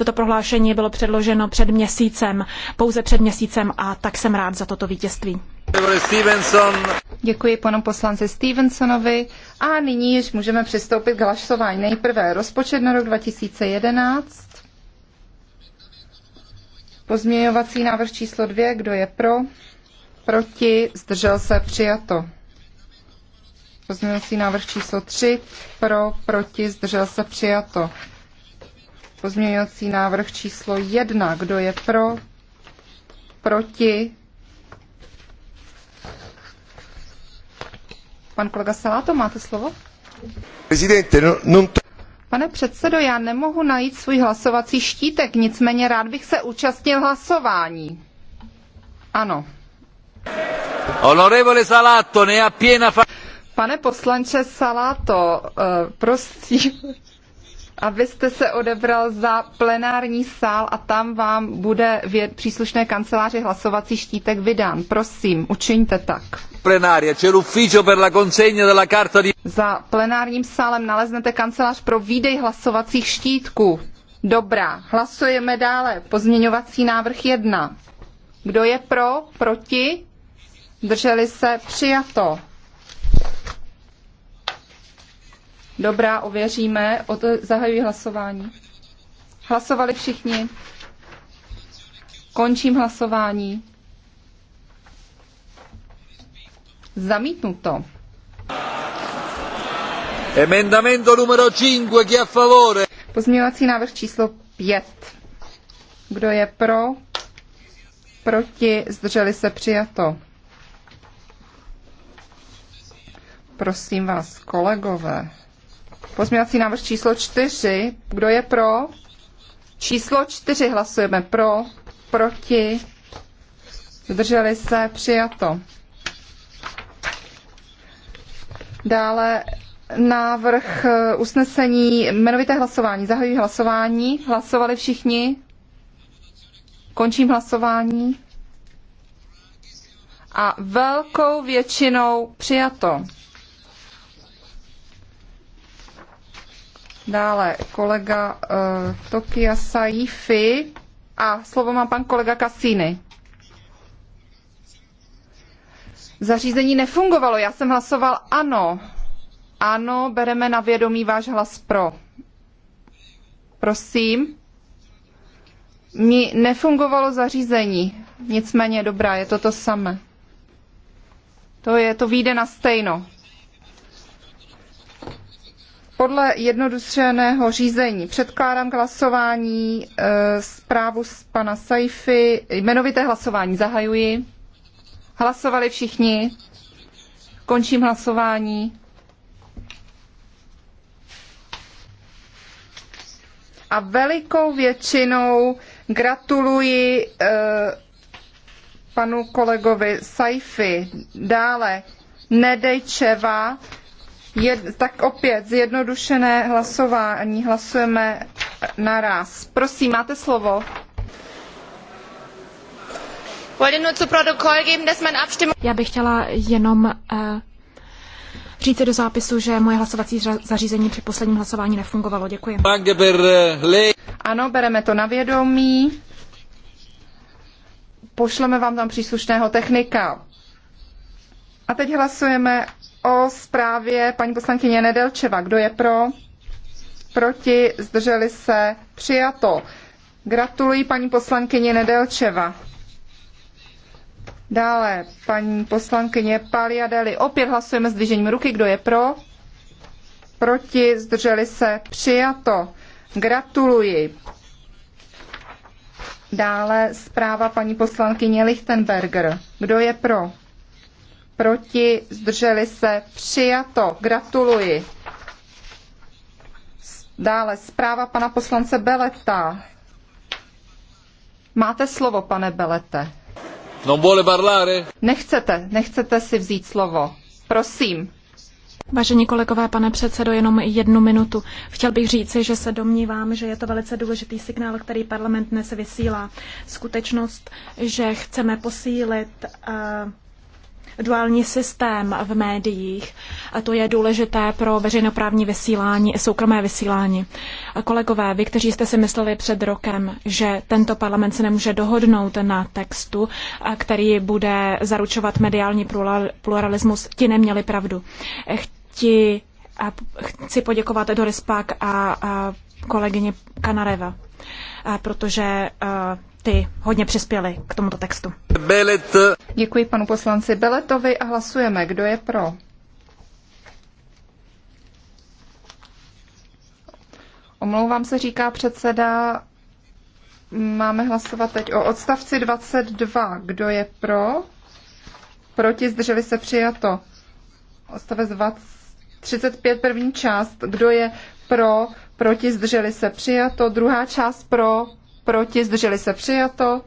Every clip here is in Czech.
Toto prohlášení bylo předloženo před měsícem, pouze před měsícem a tak jsem rád za toto vítězství. Děkuji panu poslanci Stevensonovi a nyní již můžeme přistoupit k hlasování. Nejprve rozpočet na rok 2011. Pozměňovací návrh číslo 2, kdo je pro? Proti, zdržel se, přijato. Pozměňovací návrh číslo 3, pro, proti, zdržel se, přijato. Pozměňovací návrh číslo 1. Kdo je pro? Proti? Pan kolega Saláto, máte slovo? Prezidente, no, non Pane předsedo, já nemohu najít svůj hlasovací štítek, nicméně rád bych se účastnil hlasování. Ano. Honorevole Salato, ne piena fa... Pane poslanče Salato, eh, prosím, abyste se odebral za plenární sál a tam vám bude v příslušné kanceláři hlasovací štítek vydán. Prosím, učiňte tak. Plenária, c'è l'ufficio per la consegna della carta di... Za plenárním sálem naleznete kancelář pro výdej hlasovacích štítků. Dobrá, hlasujeme dále. Pozměňovací návrh 1. Kdo je pro, proti? Drželi se, přijato. Dobrá, ověříme. Od, zahajuji hlasování. Hlasovali všichni. Končím hlasování. Zamítnuto. Emendamento numero 5, chi a favore? Pozměňovací návrh číslo 5. Kdo je pro? Proti? Zdrželi se přijato. Prosím vás, kolegové, Pozměňovací návrh číslo čtyři, Kdo je pro? Číslo čtyři hlasujeme pro, proti, zdrželi se, přijato. Dále návrh eh, usnesení jmenovité hlasování. Zahajuji hlasování. Hlasovali všichni? Končím hlasování. A velkou většinou přijato. Dále kolega uh, Tokia Saifi a slovo má pan kolega Cassini. Zařízení nefungovalo, já jsem hlasoval ano. Ano, bereme na vědomí váš hlas pro. Prosím. Mi nefungovalo zařízení, nicméně dobrá, je to to samé. To je, to vyjde na stejno. Podle jednodušeného řízení předkládám k hlasování e, zprávu z pana Saify. Jmenovité hlasování zahajuji. Hlasovali všichni. Končím hlasování. A velikou většinou gratuluji e, panu kolegovi Saify. Dále Nedejčeva Jed, tak opět zjednodušené hlasování. Hlasujeme naraz. Prosím, máte slovo. Já bych chtěla jenom uh, eh, říct do zápisu, že moje hlasovací zařízení při posledním hlasování nefungovalo. Děkuji. Ano, bereme to na vědomí. Pošleme vám tam příslušného technika. A teď hlasujeme o zprávě paní poslankyně Nedelčeva. Kdo je pro? Proti? Zdrželi se? Přijato. Gratuluji paní poslankyně Nedelčeva. Dále paní poslankyně Paliadeli. Opět hlasujeme s dvižením ruky. Kdo je pro? Proti? Zdrželi se? Přijato. Gratuluji. Dále zpráva paní poslankyně Lichtenberger. Kdo je pro? proti, zdrželi se, přijato. Gratuluji. Dále zpráva pana poslance Beleta. Máte slovo, pane Belete. Non vuole parlare? Nechcete, nechcete si vzít slovo. Prosím. Vážení kolegové, pane předsedo, jenom jednu minutu. Chtěl bych říci, že se domnívám, že je to velice důležitý signál, který parlament dnes vysílá. Skutečnost, že chceme posílit uh, duální systém v médiích. A to je důležité pro veřejnoprávní vysílání i soukromé vysílání. A kolegové, vy, kteří jste si mysleli před rokem, že tento parlament se nemůže dohodnout na textu, který bude zaručovat mediální pluralismus, ti neměli pravdu. Chci, a chci poděkovat Doris Pak a, a kolegyně Kanareva, a protože a, ty hodně přispěly k tomuto textu. Belet. Děkuji panu poslanci Beletovi a hlasujeme, kdo je pro. Omlouvám se, říká předseda. Máme hlasovat teď o odstavci 22. Kdo je pro? Proti zdrželi se přijato. Odstavec 35 první část. Kdo je pro? Proti zdrželi se přijato. Druhá část pro, proti, zdrželi se přijato.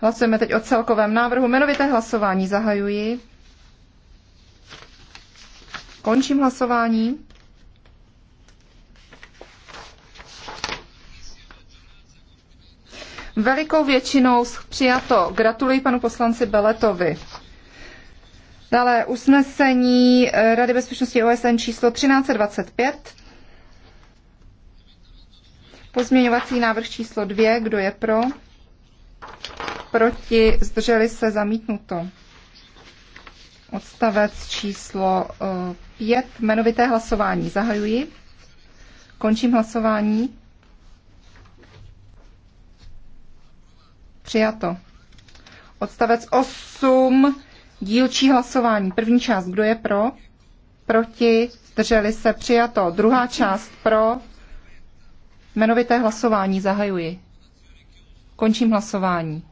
Hlasujeme teď o celkovém návrhu. Jmenovité hlasování zahajuji. Končím hlasování. Velikou většinou přijato. Gratuluji panu poslanci Beletovi. Dále usnesení eh, Rady bezpečnosti OSN číslo 1325. Pozměňovací návrh číslo 2, kdo je pro? Proti, zdrželi se, zamítnuto. Odstavec číslo 5, eh, jmenovité hlasování. Zahajuji. Končím hlasování. Přijato. Odstavec 8, dílčí hlasování. První část, kdo je pro? Proti, zdrželi se, přijato. Druhá část pro, Jmenovité hlasování zahajuji. Končím hlasování.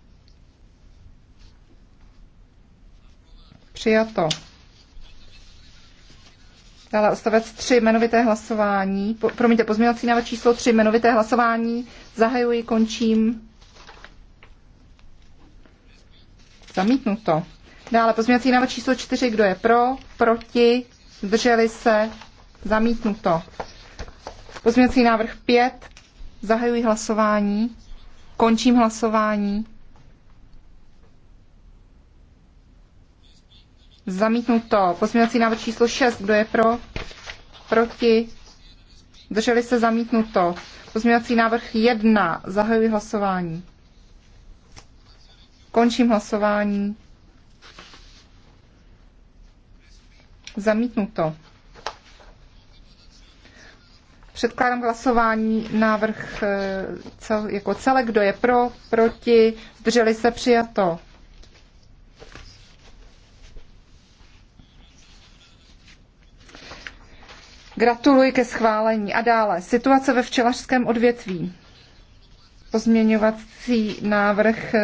Přijato. Dále odstavec 3, jmenovité hlasování. Po, promiňte, pozměňovací návrh číslo 3, jmenovité hlasování. Zahajuji, končím. Zamítnuto. Dále pozměňovací návrh číslo 4, kdo je pro, proti, zdrželi se, zamítnuto. Pozměňovací návrh 5. Zahajuji hlasování. Končím hlasování. Zamítnuto. Pozměňovací návrh číslo 6. Kdo je pro? Proti? Drželi se zamítnuto. Pozměňovací návrh 1. Zahajuji hlasování. Končím hlasování. Zamítnuto. Předkládám hlasování návrh eh, cel, jako celek. Kdo je pro, proti, zdrželi se přijato. Gratuluji ke schválení. A dále, situace ve včelařském odvětví. Pozměňovací návrh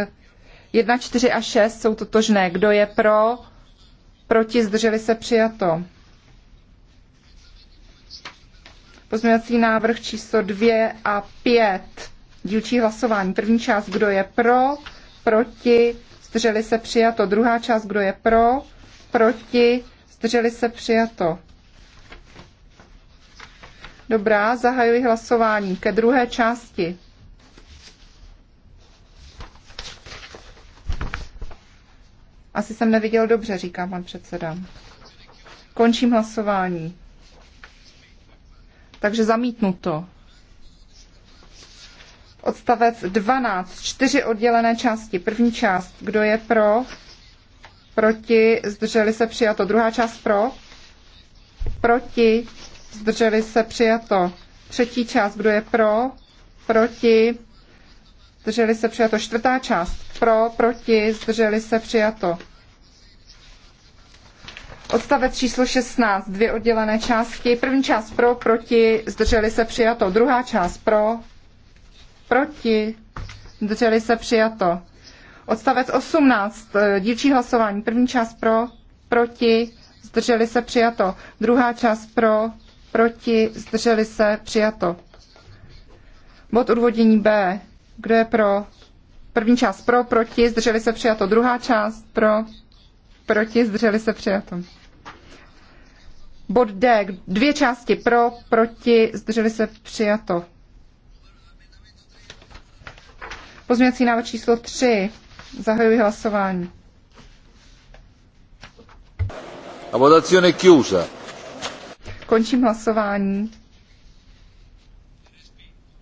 1, eh, 4 a 6 jsou totožné. Kdo je pro? Proti zdrželi se přijato. Pozměňovací návrh číslo 2 a 5. Dílčí hlasování. První část, kdo je pro, proti, zdrželi se přijato. Druhá část, kdo je pro, proti, zdrželi se přijato. Dobrá, zahajuji hlasování ke druhé části. Asi jsem neviděl dobře, říká pan předseda. Končím hlasování takže zamítnuto. Odstavec 12, čtyři oddělené části. První část, kdo je pro, proti, zdrželi se přijato. Druhá část pro, proti, zdrželi se přijato. Třetí část, kdo je pro, proti, zdrželi se přijato. Čtvrtá část, pro, proti, zdrželi se přijato. Odstavec číslo 16, dvě oddělené části. První část pro, proti, zdrželi se přijato. Druhá část pro, proti, zdrželi se přijato. Odstavec 18, eh, dílčí hlasování. První část pro, proti, zdrželi se přijato. Druhá část pro, proti, zdrželi se přijato. Bod odvodění B. Kdo je pro? První část pro, proti, zdrželi se přijato. Druhá část pro, proti, zdrželi se přijato. Bod D, dvě části pro, proti, zdrželi se přijato. Pozměňovací návrh číslo 3. Zahajuji hlasování. A votazione chiusa. Končím hlasování.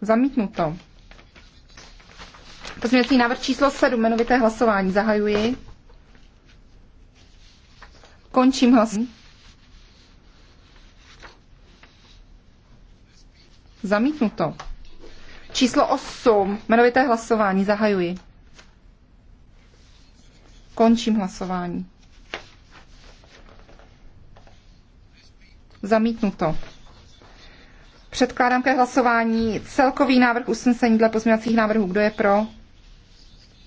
Zamítnuto. Pozměňovací návrh číslo 7, jmenovité hlasování. Zahajuji. Končím hlasování. Zamítnuto. Číslo 8. Jmenovité hlasování. Zahajuji. Končím hlasování. Zamítnuto. Předkládám ke hlasování celkový návrh usnesení dle pozměňovacích návrhů. Kdo je pro?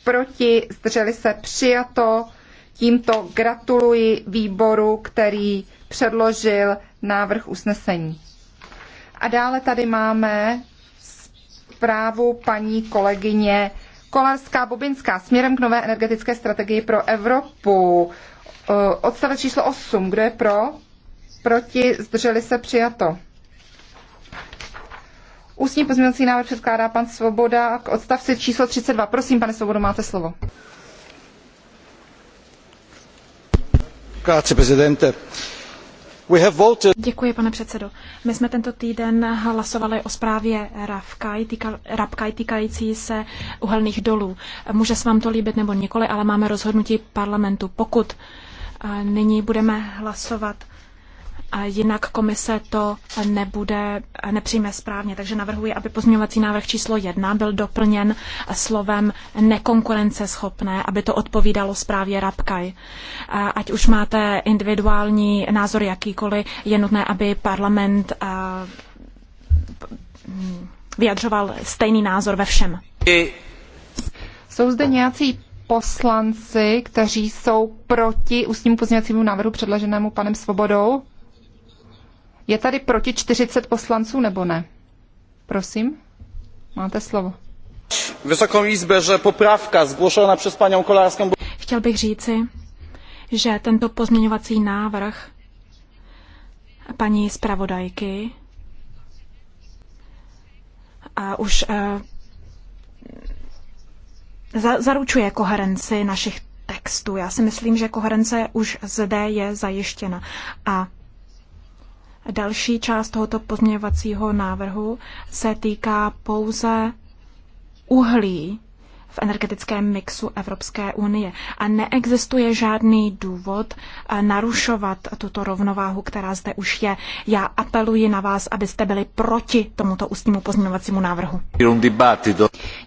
Proti? Zdrželi se? Přijato. Tímto gratuluji výboru, který předložil návrh usnesení. A dále tady máme zprávu paní kolegyně Kolarská Bobinská směrem k nové energetické strategii pro Evropu. Eh, odstavec číslo 8. Kdo je pro? Proti? Zdrželi se? Přijato. Ústní pozměnací návrh předkládá pan Svoboda k odstavci číslo 32. Prosím, pane Svobodo, máte slovo. Grazie, presidente. Děkuji, pane předsedo. My jsme tento týden hlasovali o zprávě Rapkaj, týka, týkající se uhelných dolů. Může se vám to líbit nebo nikoli, ale máme rozhodnutí parlamentu. Pokud eh, nyní budeme hlasovat jinak komise to nebude, nepřijme správně. Takže navrhuji, aby pozměňovací návrh číslo 1 byl doplněn slovem nekonkurenceschopné, aby to odpovídalo zprávě Rabkaj. Ať už máte individuální názor jakýkoliv, je nutné, aby parlament mm, vyjadřoval stejný názor ve všem. Jsou zde nějací poslanci, kteří jsou proti ústnímu pozměňovacímu návrhu předloženému panem Svobodou? Je tady proti 40 poslanců nebo ne? Prosím, máte slovo. Vysokou jízbe, že poprawka zgłoszona přes paní Kolářskou... Chtěl bych říci, že tento pozměňovací návrh paní zpravodajky a už eh, za, zaručuje koherenci našich textů. Já si myslím, že koherence už zde je zajištěna. A Další část tohoto pozměňovacího návrhu se týká pouze uhlí v energetickém mixu Evropské unie a neexistuje žádný důvod eh, narušovat tuto rovnováhu, která zde už je. Já apeluji na vás, abyste byli proti tomuto ústnímu pozměňovacímu návrhu.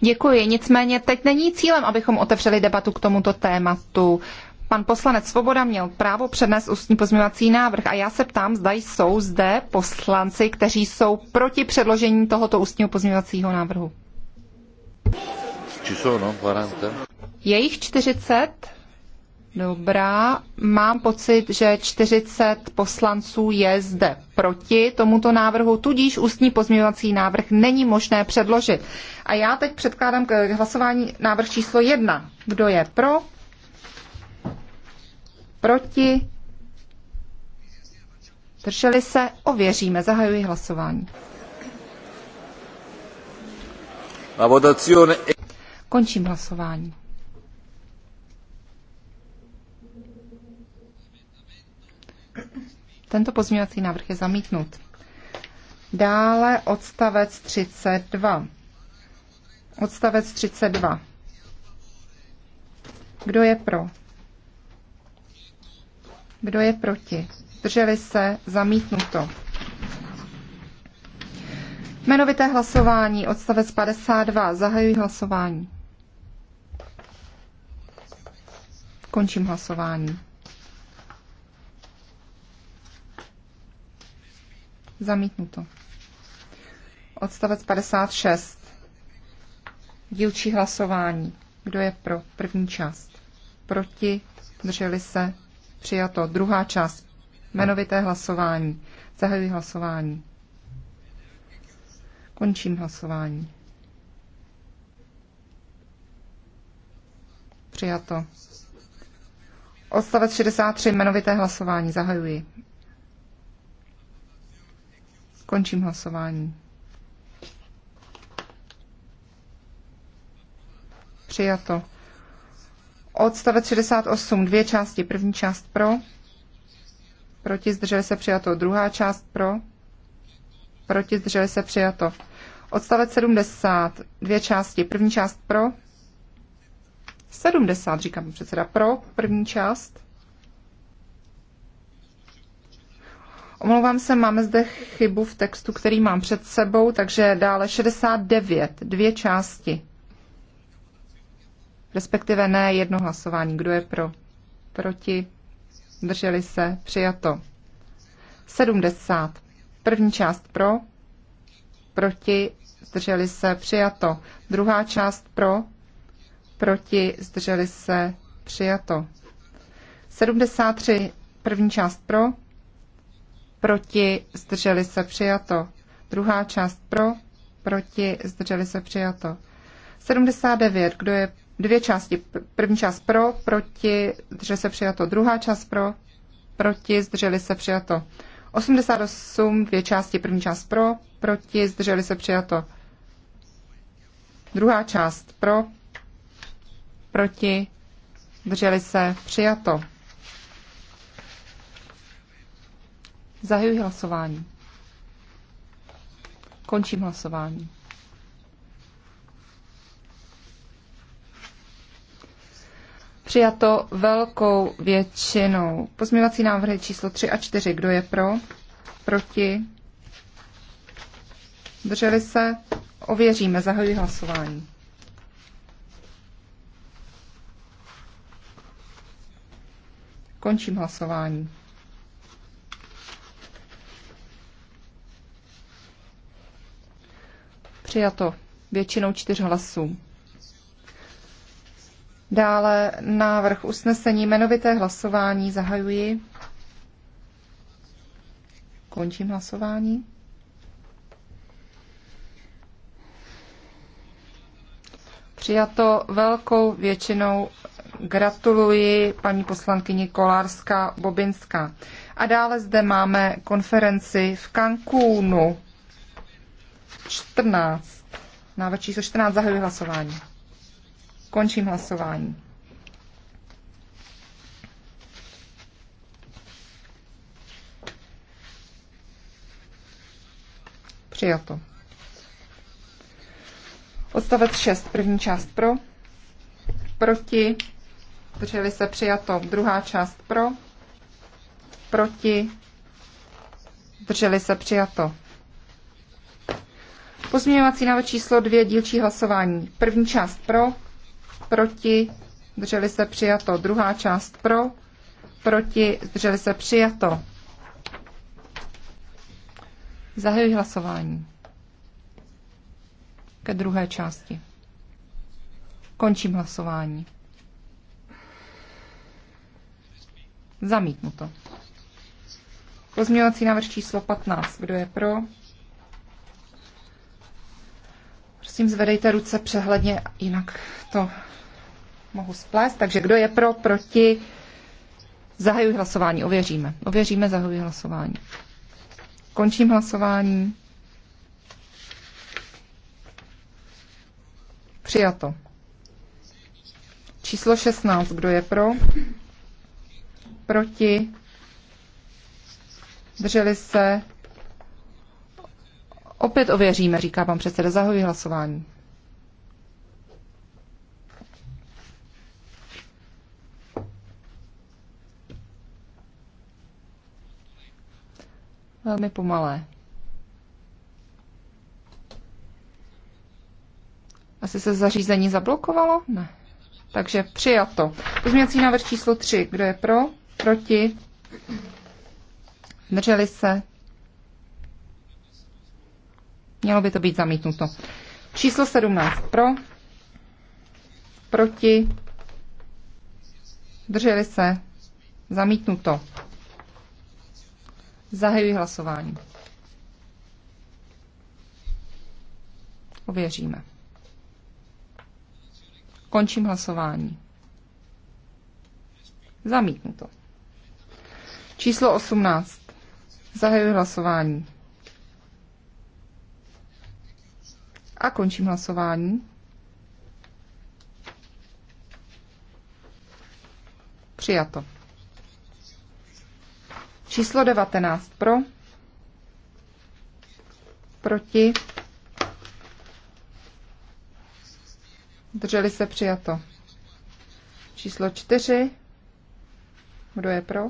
Děkuji, nicméně teď není cílem, abychom otevřeli debatu k tomuto tématu pan poslanec Svoboda měl právo přednést ústní pozměňovací návrh a já se ptám, zda jsou zde poslanci, kteří jsou proti předložení tohoto ústního pozměňovacího návrhu. Je jich 40? Dobrá, mám pocit, že 40 poslanců je zde proti tomuto návrhu, tudíž ústní pozměňovací návrh není možné předložit. A já teď předkládám k hlasování návrh číslo 1. Kdo je pro? proti, drželi se, ověříme, zahajuji hlasování. La votazione... Končím hlasování. Tento pozměňovací návrh je zamítnut. Dále odstavec 32. Odstavec 32. Kdo je pro? Kdo je proti? Drželi se? Zamítnuto. Jmenovité hlasování, odstavec 52. Zahajuji hlasování. Končím hlasování. Zamítnuto. Odstavec 56. Dílčí hlasování. Kdo je pro první část? Proti? Drželi se? Přijato. Druhá část. Jmenovité hlasování. Zahajuji hlasování. Končím hlasování. Přijato. Odstavec 63, jmenovité hlasování. Zahajuji. Končím hlasování. Přijato. Odstavec 68, dvě části. První část pro, proti zdrželi se přijato. Druhá část pro, proti zdrželi se přijato. Odstavec 70, dvě části. První část pro, 70, říkám předseda, pro první část. Omlouvám se, máme zde chybu v textu, který mám před sebou, takže dále 69, dvě části respektive ne jedno hlasování. Kdo je pro? Proti? Drželi se? Přijato. 70. První část pro, proti, zdrželi se, přijato. Druhá část pro, proti, zdrželi se, přijato. 73. První část pro, proti, zdrželi se, přijato. Druhá část pro, proti, zdrželi se, přijato. 79. Kdo je Dvě části. První část pro, proti, zdrželi se přijato. Druhá část pro, proti, zdrželi se přijato. 88, dvě části. První část pro, proti, zdrželi se přijato. Druhá část pro, proti, zdrželi se přijato. Zahajuji hlasování. Končím hlasování. Přijato velkou většinou. Pozměvací návrhy číslo 3 a 4. Kdo je pro? Proti? Drželi se? Ověříme. Zahajuji hlasování. Končím hlasování. Přijato většinou čtyř hlasů. Dále návrh usnesení jmenovité hlasování zahajuji. Končím hlasování. Přijato velkou většinou gratuluji paní poslankyni Kolárská Bobinská. A dále zde máme konferenci v Cancúnu 14. Návrh číslo 14 zahajuji hlasování. Končím hlasování. Přijato. Odstavec 6, první část pro, proti, drželi se přijato, druhá část pro, proti, drželi se přijato. Pozměňovací návrh číslo 2, dílčí hlasování. První část pro, proti, zdrželi se přijato. Druhá část pro, proti, zdrželi se přijato. Zahajuji hlasování ke druhé části. Končím hlasování. Zamítnuto. Pozměňovací návrh číslo 15. Kdo je pro? Prosím, zvedejte ruce přehledně, jinak to mohu splést. Takže kdo je pro, proti? Zahajuji hlasování, ověříme. Ověříme, zahajuji hlasování. Končím hlasování. Přijato. Číslo 16. Kdo je pro? Proti? Drželi se? Opět ověříme, říká pan předseda. zahajuji hlasování. velmi pomalé. Asi se zařízení zablokovalo? Ne. Takže přijato. Pozměňovací návrh číslo 3. Kdo je pro? Proti? Drželi se? Mělo by to být zamítnuto. Číslo 17. Pro? Proti? Drželi se? Zamítnuto. Zahajuji hlasování. Ověříme. Končím hlasování. Zamítnuto. Číslo 18. Zahajuji hlasování. A končím hlasování. Přijato. Číslo 19 pro, proti, drželi se přijato. Číslo 4, kdo je pro?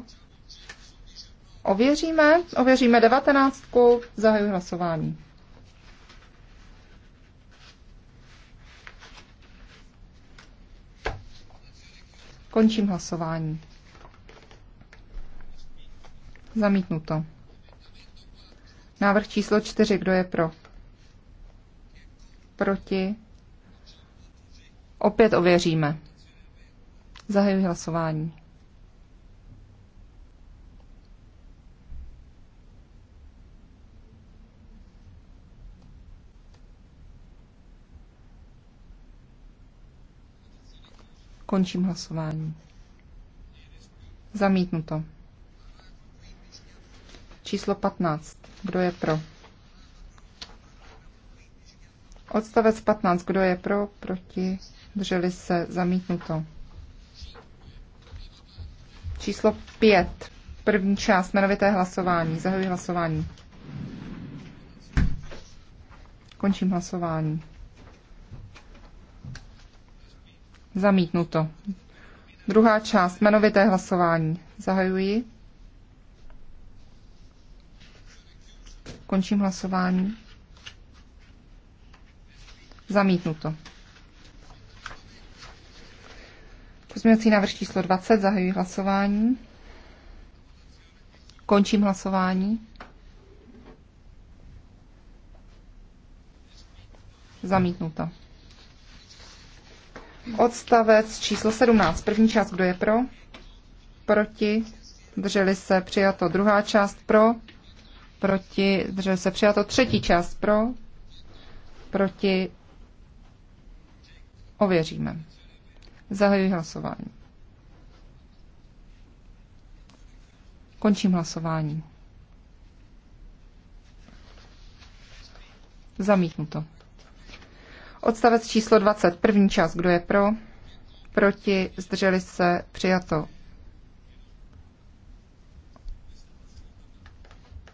Ověříme, ověříme 19, zahajuji hlasování. Končím hlasování. Zamítnuto. Návrh číslo 4. Kdo je pro? Proti? Opět ověříme. Zahajuji hlasování. Končím hlasování. Zamítnuto. Číslo 15. Kdo je pro? Odstavec 15. Kdo je pro? Proti? Drželi se? Zamítnuto. Číslo 5. První část. Jmenovité hlasování. Zahajuji hlasování. Končím hlasování. Zamítnuto. Druhá část. Jmenovité hlasování. Zahajuji. Končím hlasování. Zamítnuto. Pozměňovací návrh číslo 20. Zahajuji hlasování. Končím hlasování. Zamítnuto. Odstavec číslo 17. První část, kdo je pro? Proti? Drželi se, přijato. Druhá část pro? proti, zdrželi se to Třetí část pro, proti, ověříme. Zahajuji hlasování. Končím hlasování. to Odstavec číslo 20, první část, kdo je pro, proti, zdrželi se, přijato.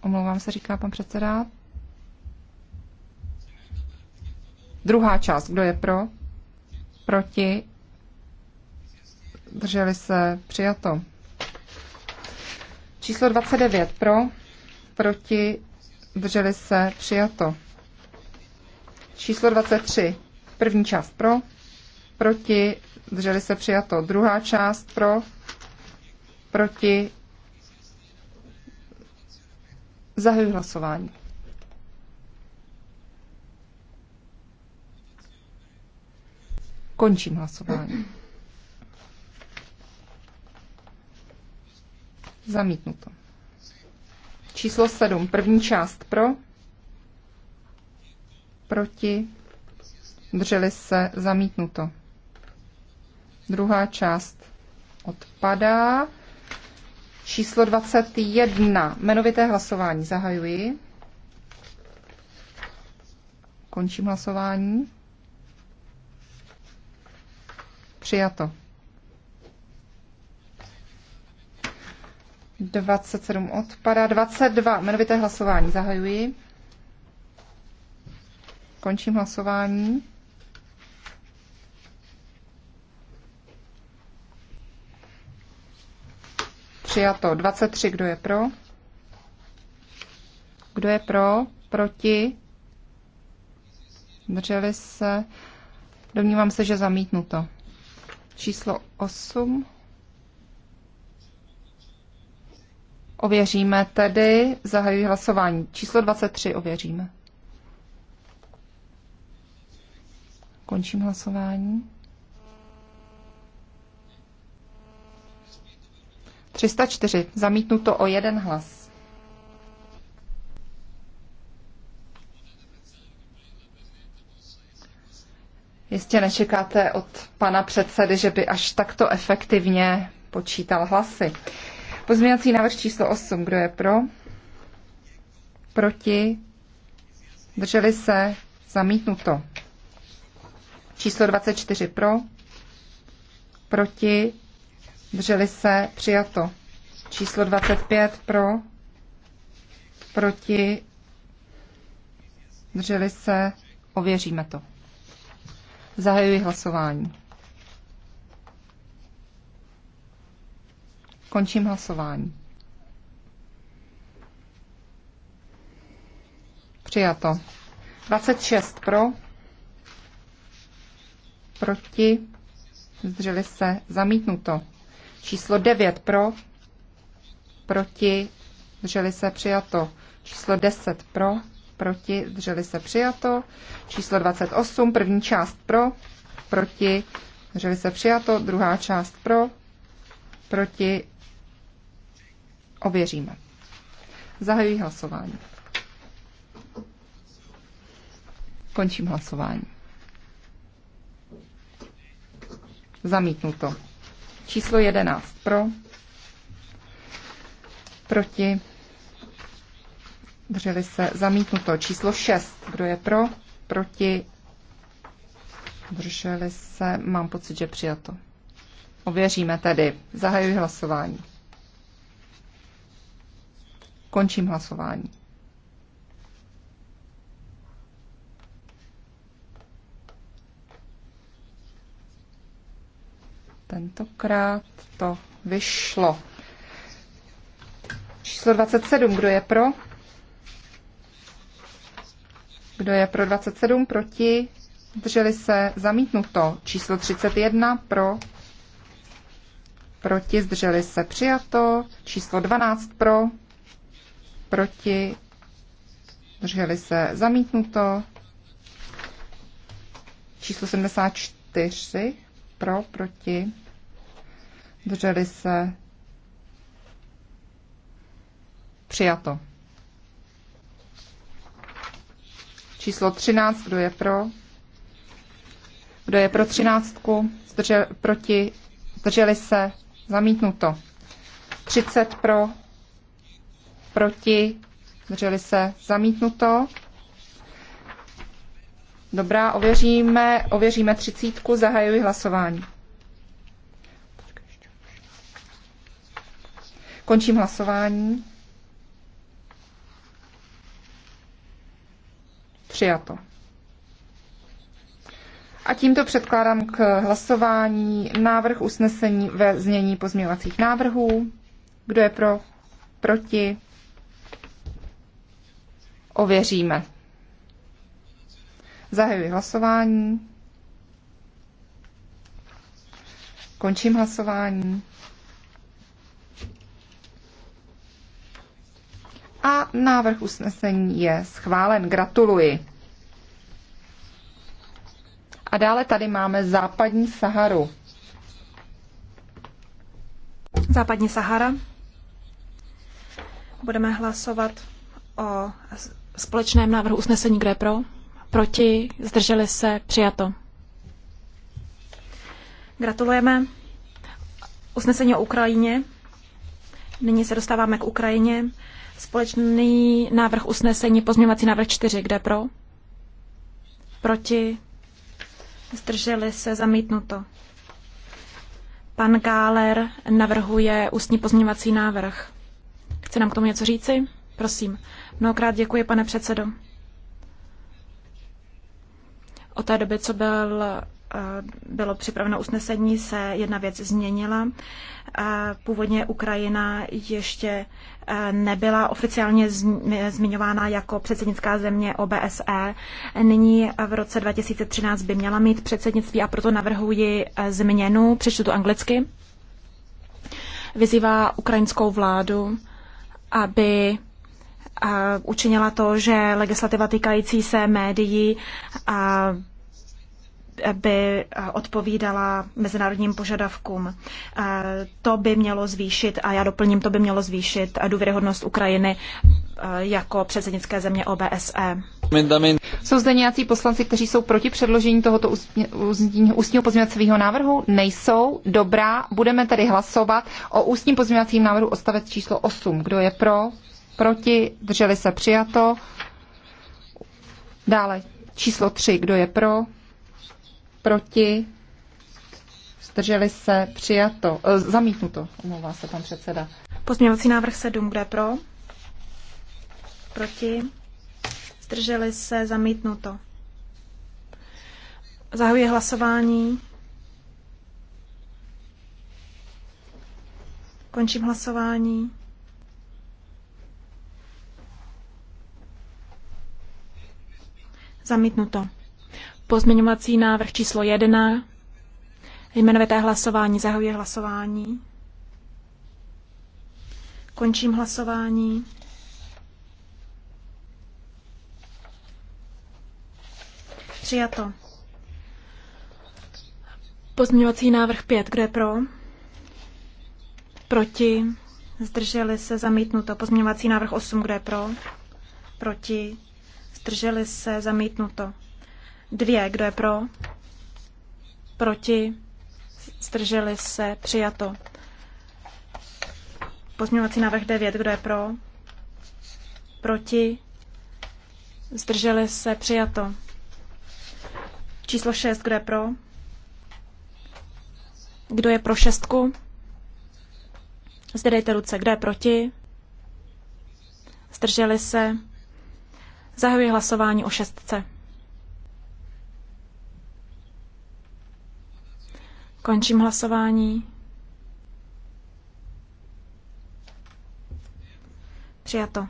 Omlouvám se, říká pan předseda. Druhá část, kdo je pro? Proti? Drželi se? Přijato. Číslo 29 pro, proti, drželi se, přijato. Číslo 23, první část pro, proti, drželi se, přijato. Druhá část pro, proti, Zahajuji hlasování. Končím hlasování. Zamítnuto. Číslo 7. První část pro. Proti. Drželi se. Zamítnuto. Druhá část odpadá. Číslo 21. Jmenovité hlasování zahajuji. Končím hlasování. Přijato. 27 odpadá. 22. Jmenovité hlasování zahajuji. Končím hlasování. přijato. 23, kdo je pro? Kdo je pro? Proti? Drželi se? Domnívám se, že zamítnuto. Číslo 8. Ověříme tedy, zahajuji hlasování. Číslo 23 ověříme. Končím hlasování. 304. Zamítnuto o jeden hlas. Jistě nečekáte od pana předsedy, že by až takto efektivně počítal hlasy. Pozměňovací návrh číslo 8. Kdo je pro? Proti? Drželi se? Zamítnuto. Číslo 24 pro? Proti? Drželi se přijato. Číslo 25 pro, proti, drželi se, ověříme to. Zahajuji hlasování. Končím hlasování. Přijato. 26 pro, proti, zdrželi se, zamítnuto. Číslo 9 pro, proti, zdrželi se přijato. Číslo 10 pro, proti, zdrželi se přijato. Číslo 28, první část pro, proti, zdrželi se přijato. Druhá část pro, proti, ověříme. Zahajuji hlasování. Končím hlasování. Zamítnuto. Číslo 11 pro, proti, drželi se zamítnuto. Číslo 6, kdo je pro, proti, drželi se, mám pocit, že přijato. Ověříme tedy. Zahajuji hlasování. Končím hlasování. Tentokrát to vyšlo. Číslo 27, kdo je pro? Kdo je pro 27, proti? Drželi se zamítnuto. Číslo 31 pro. Proti zdrželi se přijato. Číslo 12 pro. Proti zdrželi se zamítnuto. Číslo 74 pro, proti Drželi se? Přijato. Číslo 13, kdo je pro? Kdo je pro třináctku? Zdržel, proti? Zdrželi se? Zamítnuto. 30 pro? Proti? Zdrželi se? Zamítnuto. Dobrá, ověříme, ověříme třicítku, zahajuji hlasování. Končím hlasování. Přijato. A tímto předkládám k hlasování návrh usnesení ve znění pozměňovacích návrhů. Kdo je pro? Proti? Ověříme. Zahajuji hlasování. Končím hlasování. a návrh usnesení je schválen. Gratuluji. A dále tady máme západní Saharu. Západní Sahara. Budeme hlasovat o společném návrhu usnesení, kde pro, proti, zdrželi se, přijato. Gratulujeme. Usnesení o Ukrajině. Nyní se dostáváme k Ukrajině. Společný návrh usnesení, pozměňovací návrh 4, kde pro? Proti? Zdrželi se zamítnuto. Pan Gáler navrhuje ústní pozměňovací návrh. Chce nám k tomu něco říci? Prosím. Mnohokrát děkuji, pane předsedo. O té doby, co byl Eh, bylo připraveno usnesení, se jedna věc změnila. Eh, původně Ukrajina ještě eh, nebyla oficiálně zmiňována jako předsednická země OBSE. Nyní v roce 2013 by měla mít předsednictví a proto navrhuji změnu, přečtu to anglicky. Vyzývá ukrajinskou vládu, aby učinila to, že legislativa týkající se médií a by odpovídala mezinárodním požadavkům. Eh, to by mělo zvýšit, a já doplním, to by mělo zvýšit důvěryhodnost Ukrajiny eh, jako předsednické země OBSE. Jsou zde nějací poslanci, kteří jsou proti předložení tohoto ústního pozměňovacího návrhu? Nejsou. Dobrá, budeme tedy hlasovat o ústním pozměňovacím návrhu odstavec číslo 8. Kdo je pro? Proti? Drželi se přijato? Dále číslo 3. Kdo je pro? proti, zdrželi se, přijato, e, zamítnuto, omlouvá se pan předseda. Pozměňovací návrh 7, kde pro, proti, zdrželi se, zamítnuto. Zahajuji hlasování. Končím hlasování. Zamítnuto. Pozměňovací návrh číslo 1. Jmenovité hlasování. Zahajuji hlasování. Končím hlasování. Přijato. Pozměňovací návrh 5. Kdo je pro? Proti? Zdrželi se zamítnuto. Pozměňovací návrh 8. Kdo je pro? Proti? Zdrželi se zamítnuto. Dvě, kdo je pro? Proti? Zdrželi se? Přijato. Pozměňovací návrh 9, kdo je pro? Proti? Zdrželi se? Přijato. Číslo 6, kdo je pro? Kdo je pro šestku? Zde dejte ruce, kdo je proti? Zdrželi se? Zahajuji hlasování o šestce. Končím hlasování. Přijato.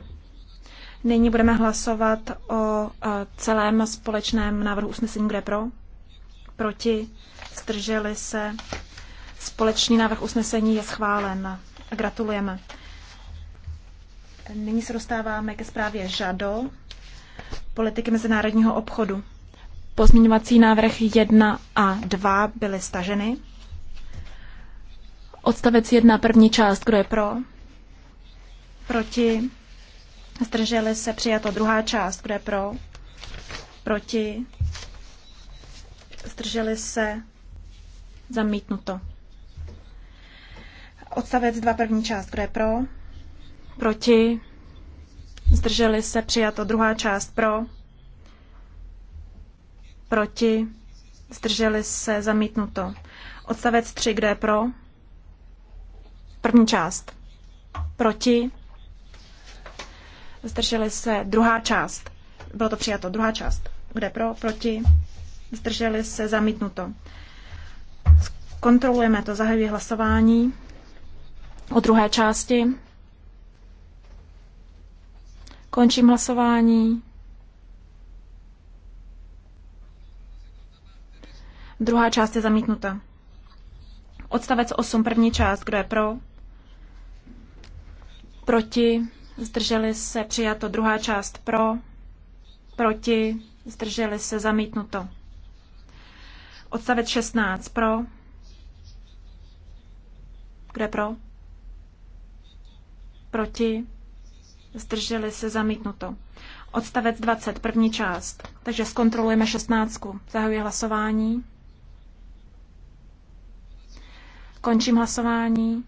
Nyní budeme hlasovat o e, celém společném návrhu usnesení, kde pro, proti, zdrželi se. Společný návrh usnesení je schválen. Gratulujeme. Nyní se dostáváme ke zprávě ŽADO, politiky mezinárodního obchodu. Pozměňovací návrh 1 a 2 byly staženy. Odstavec 1, první část, kdo je pro? Proti? Zdrželi se přijato druhá část, kdo je pro? Proti? Zdrželi se zamítnuto. Odstavec 2, první část, kdo je pro? Proti? Zdrželi se přijato druhá část pro? proti, zdrželi se, zamítnuto. Odstavec 3, kdo je pro, první část, proti, zdrželi se, druhá část, bylo to přijato, druhá část, kde pro, proti, zdrželi se, zamítnuto. Kontrolujeme to, zahajuji hlasování o druhé části. Končím hlasování. Druhá část je zamítnuta. Odstavec 8, první část, kdo je pro? Proti, zdrželi se, přijato. Druhá část pro, proti, zdrželi se, zamítnuto. Odstavec 16, pro? Kdo je pro? Proti, zdrželi se, zamítnuto. Odstavec 20, první část. Takže zkontrolujeme 16. Zahajuji hlasování. Končím hlasování.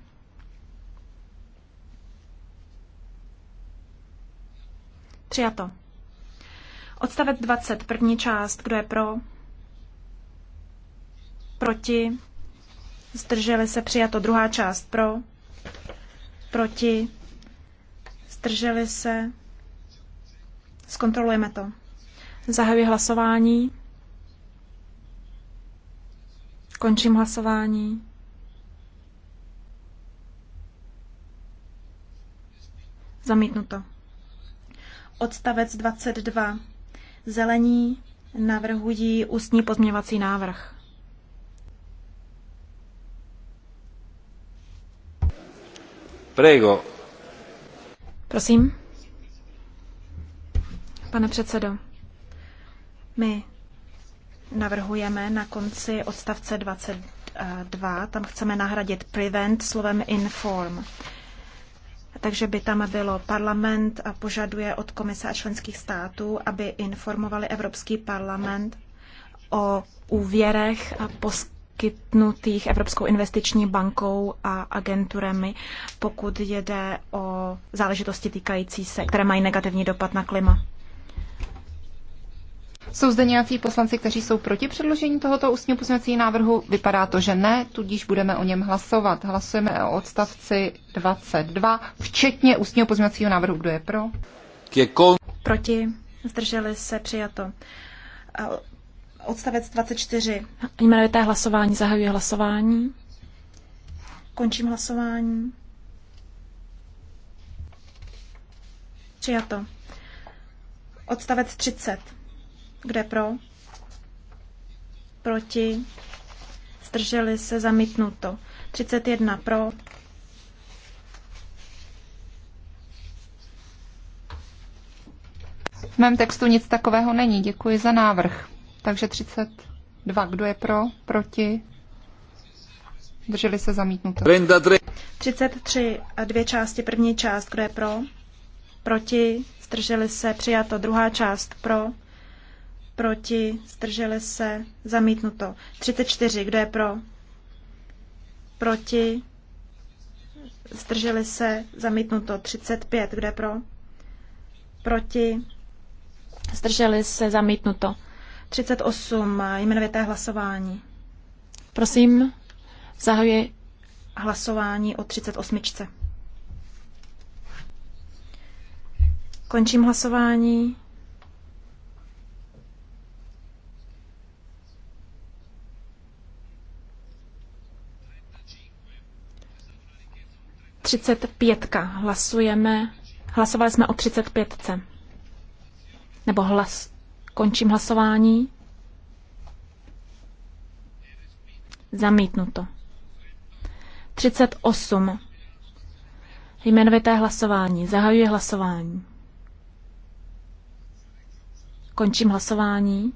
Přijato. Odstavec 20, první část. Kdo je pro? Proti? Zdrželi se přijato. Druhá část pro? Proti? Zdrželi se? Zkontrolujeme to. Zahajuji hlasování. Končím hlasování. Zamítnuto. Odstavec 22. Zelení navrhují ústní pozměňovací návrh. Prego. Prosím. Pane předsedo, my navrhujeme na konci odstavce 22, tam chceme nahradit prevent slovem inform takže by tam bylo parlament a požaduje od komise a členských států, aby informovali Evropský parlament o úvěrech a poskytnutých Evropskou investiční bankou a agenturemi, pokud jde o záležitosti týkající se, které mají negativní dopad na klima. Jsou zde nějaký poslanci, kteří jsou proti předložení tohoto ústního pozměňovacího návrhu? Vypadá to, že ne, tudíž budeme o něm hlasovat. Hlasujeme o odstavci 22, včetně ústního pozměňovacího návrhu. Kdo je pro? Proti. Zdrželi se přijato. Odstavec 24. Jmenujete hlasování. zahajuje hlasování. Končím hlasování. Přijato. Odstavec 30. Kde pro? Proti? Zdrželi se zamítnuto. 31 pro. V mém textu nic takového není. Děkuji za návrh. Takže 32. Kdo je pro? Proti? Drželi se zamítnuto. 33 a dvě části. První část, kdo je pro? Proti? Zdrželi se přijato. Druhá část pro? proti, zdrželi se, zamítnuto. 34, kdo je pro, proti, zdrželi se, zamítnuto. 35, kdo je pro, proti, zdrželi se, zamítnuto. 38, jmenovité hlasování. Prosím, zahajuji hlasování o 38. Končím hlasování. 35. Hlasujeme. Hlasovali jsme o 35. Nebo hlas. Končím hlasování. Zamítnuto. 38. Jmenovité hlasování. Zahajuji hlasování. Končím hlasování.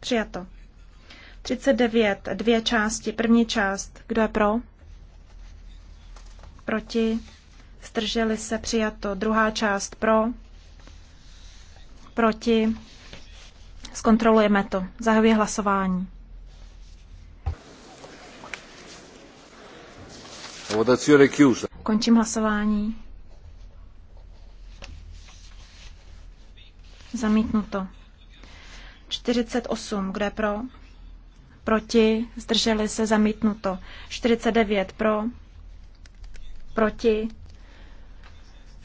Přijato. 39, dvě části. První část, kdo je pro? Proti? Zdrželi se přijato. Druhá část pro? Proti? Zkontrolujeme to. Zahajuji hlasování. Končím hlasování. Zamítnuto. 48, kdo je pro? proti, zdrželi se, zamítnuto. 49 pro, proti,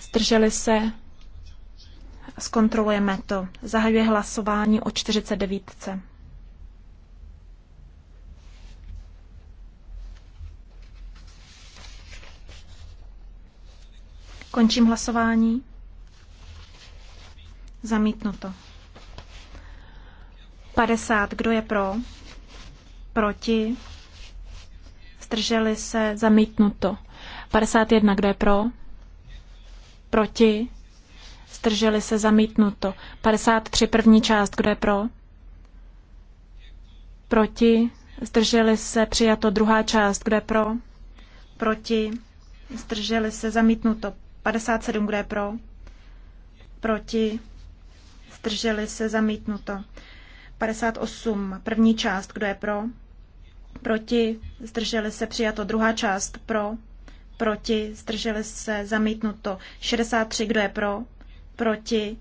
zdrželi se, zkontrolujeme to. Zahajuje hlasování o 49. Končím hlasování. Zamítnuto. 50. Kdo je pro? proti, zdrželi se, zamítnuto. 51, kdo je pro, proti, zdrželi se, zamítnuto. 53, první část, kdo je pro, proti, zdrželi se, přijato. Druhá část, kdo je pro, proti, zdrželi se, zamítnuto. 57, kdo je pro, proti, zdrželi se, zamítnuto. 58, první část, kdo je pro, proti, zdrželi se přijato, druhá část pro, proti, zdrželi se zamítnuto, 63, kdo je pro, proti,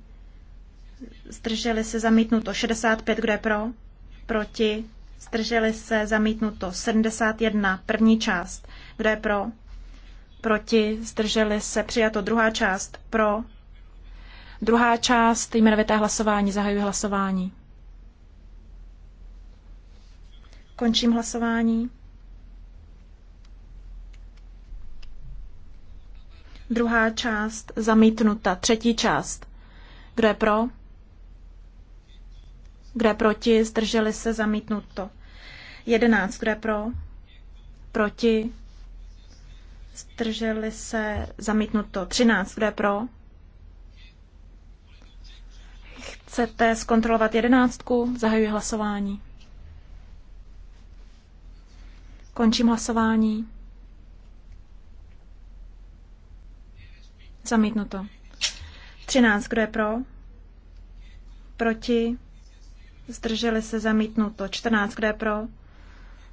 zdrželi se zamítnuto, 65, kdo je pro, proti, zdrželi se zamítnuto, 71, první část, kdo je pro, proti, zdrželi se přijato, druhá část pro, druhá část jmenovité hlasování, zahajuji hlasování. Končím hlasování. Druhá část zamítnuta. Třetí část. Kdo je pro? Kdo je proti? Zdrželi se zamítnuto. Jedenáct. Kdo je pro? Proti? Zdrželi se zamítnuto. Třináct. Kdo je pro? Chcete zkontrolovat jedenáctku? Zahajuji hlasování. Končím hlasování. Zamítnuto. 13. Kdo je pro? Proti? Zdrželi se zamítnuto. 14. Kdo je pro?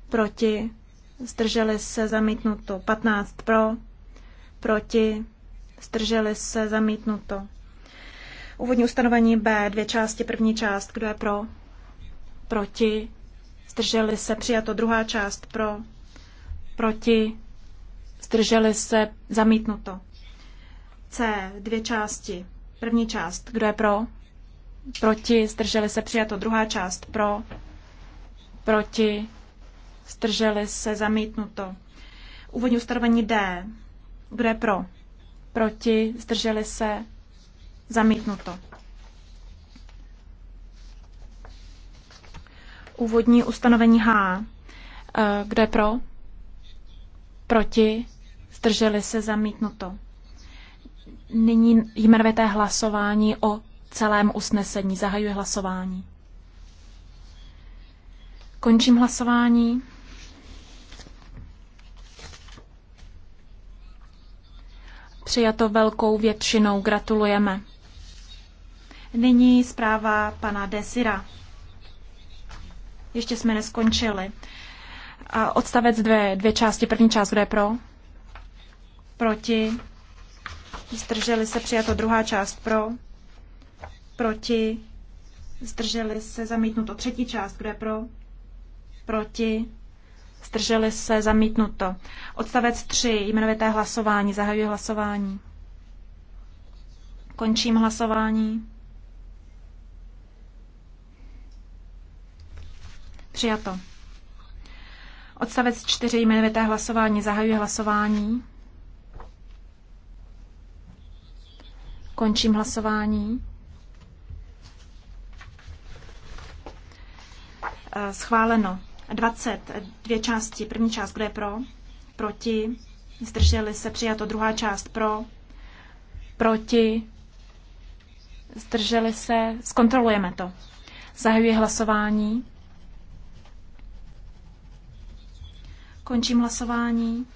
Proti? Zdrželi se zamítnuto. 15. Pro? Proti? Zdrželi se zamítnuto. Úvodní ustanovení B, dvě části, první část, kdo je pro, proti, zdrželi se, přijato druhá část pro, proti, zdrželi se, zamítnuto. C, dvě části. První část, kdo je pro, proti, zdrželi se, přijato druhá část pro, proti, zdrželi se, zamítnuto. Úvodní ustanovení D, kdo je pro, proti, zdrželi se, zamítnuto. úvodní ustanovení H. Eh, kdo je pro? Proti? Zdrželi se zamítnuto. Nyní jmenovité hlasování o celém usnesení. Zahajuji hlasování. Končím hlasování. Přijato velkou většinou. Gratulujeme. Nyní zpráva pana Desira. Ještě jsme neskončili. A odstavec dvě, dvě části. První část, kde je pro? Proti. Zdrželi se přijato druhá část pro. Proti. Zdrželi se zamítnuto třetí část, kde je pro? Proti. Zdrželi se zamítnuto. Odstavec 3. Jmenovité hlasování. Zahajuji hlasování. Končím hlasování. Přijato. Odstavec 4 jmenovité hlasování. Zahajuji hlasování. Končím hlasování. Eh, schváleno. 20. Dvě části. První část, kdo je pro? Proti. Zdrželi se. Přijato. Druhá část pro. Proti. Zdrželi se. Zkontrolujeme to. Zahajuji hlasování. Končím hlasování.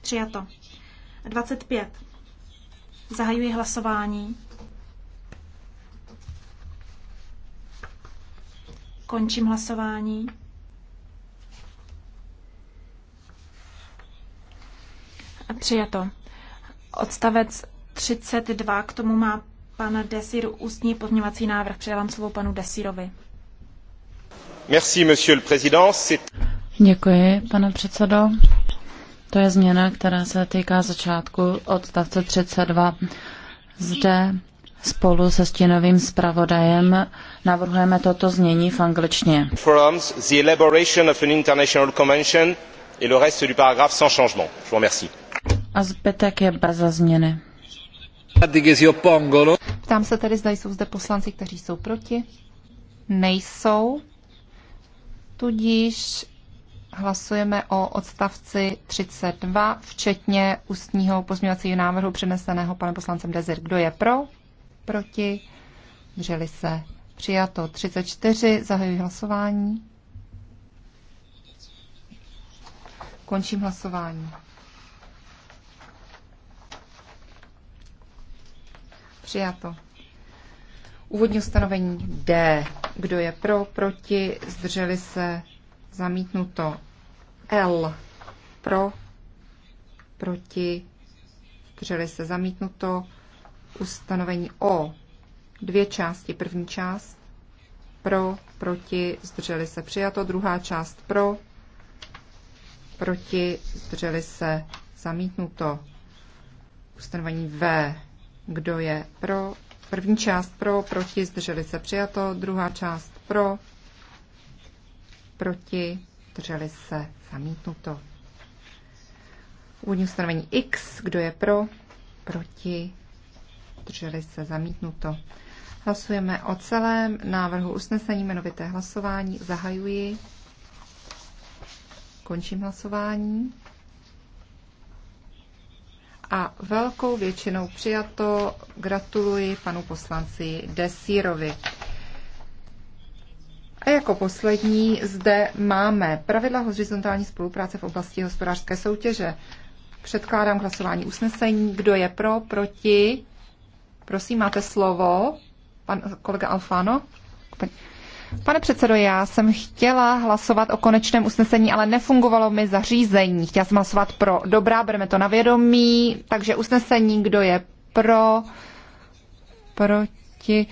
Přijato. 25. Zahajuji hlasování. Končím hlasování. Přijato. Odstavec 32. K tomu má pan Desir ústní podněvací návrh. Předávám slovo panu Desirovi. Děkuji, pane předsedo. To je změna, která se týká začátku odstavce 32. Zde spolu se stínovým zpravodajem navrhujeme toto znění v angličtině. Forums, the elaboration of an international convention et le reste du paragraphe sans changement. Je vous remercie. A zbytek je bez změny. Ptám se tedy, zda jsou zde poslanci, kteří jsou proti. Nejsou. Tudíž hlasujeme o odstavci 32, včetně ústního pozměňovacího návrhu přeneseného panem poslancem Dezir. Kdo je pro? Proti? Drželi se. Přijato 34. Zahajuji hlasování. Končím hlasování. Přijato. Úvodní ustanovení D. Kdo je pro, proti, zdrželi se, zamítnuto. L. Pro, proti, zdrželi se, zamítnuto. Ustanovení O. Dvě části. První část pro, proti, zdrželi se, přijato. Druhá část pro, proti, zdrželi se, zamítnuto. Ustanovení V. Kdo je pro, První část pro, proti, zdrželi se přijato. Druhá část pro, proti, zdrželi se zamítnuto. Úvodní ustanovení X, kdo je pro, proti, zdrželi se zamítnuto. Hlasujeme o celém návrhu usnesení jmenovité hlasování. Zahajuji. Končím hlasování a velkou většinou přijato. Gratuluji panu poslanci Desírovi. A jako poslední zde máme pravidla horizontální spolupráce v oblasti hospodářské soutěže. Předkládám k hlasování usnesení. Kdo je pro, proti? Prosím, máte slovo. Pan kolega Alfano. Pane předsedo, já jsem chtěla hlasovat o konečném usnesení, ale nefungovalo mi zařízení. Chtěla jsem hlasovat pro. Dobrá, bereme to na vědomí. Takže usnesení, kdo je pro, proti.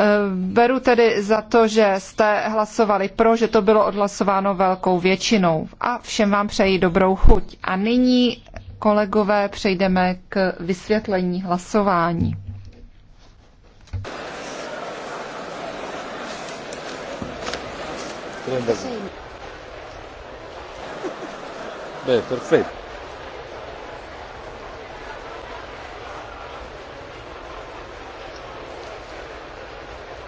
Eh, beru tedy za to, že jste hlasovali pro, že to bylo odhlasováno velkou většinou. A všem vám přeji dobrou chuť. A nyní, kolegové, přejdeme k vysvětlení hlasování. Beh, perfetto.